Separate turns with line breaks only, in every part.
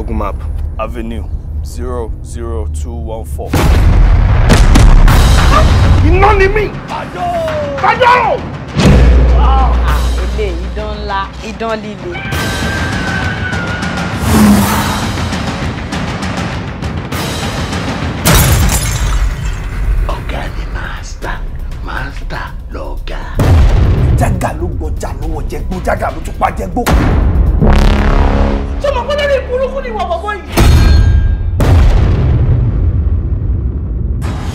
Google Map. Avenue 00214. Iná ni mí! Fàjọ́rò! Ah, ilé idán ńlá, idán Don't Ọ̀gá ni màásítà, màásítà lọ̀gá. Jágà ló gbọ́ jà lọ́wọ́ jẹgbó, jágà ló tún pa jẹgbó olórí burúkú ni wọ́n bọ̀bọ̀ yìí.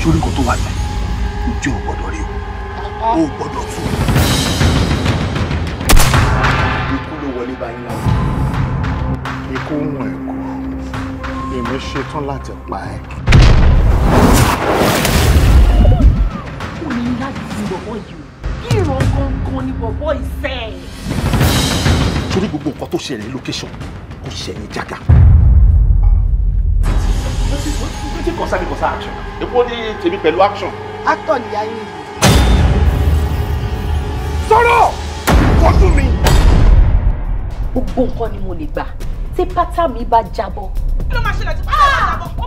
sórí kò tó wà lẹ ojú ò gbọ́dọ̀ rí o ò gbọ́dọ̀ tú. ikú ló wọlé báyìí náà. ikú ń wọn ẹ̀kọ́ èmi ṣetán láti pa ẹ́. ó ní láti fi bọ̀bọ̀ yìí o kí ìran gangan ni bọ̀bọ̀ ìfẹ́. torí gbogbo nǹkan tó ṣẹlẹ̀ lókẹ́sọ̀n ṣiṣẹ́ ní jágà. wetin concern me concern action èpo ní tèmi pẹ̀lú action. actor ni yaayi yìí. sọ̀rọ̀ fojú mi. gbogbo nǹkan ni mo lè gbà tí pátá mi bá jábọ́. kí ló máa ṣẹlẹ̀ tí pátá mi bá jábọ́.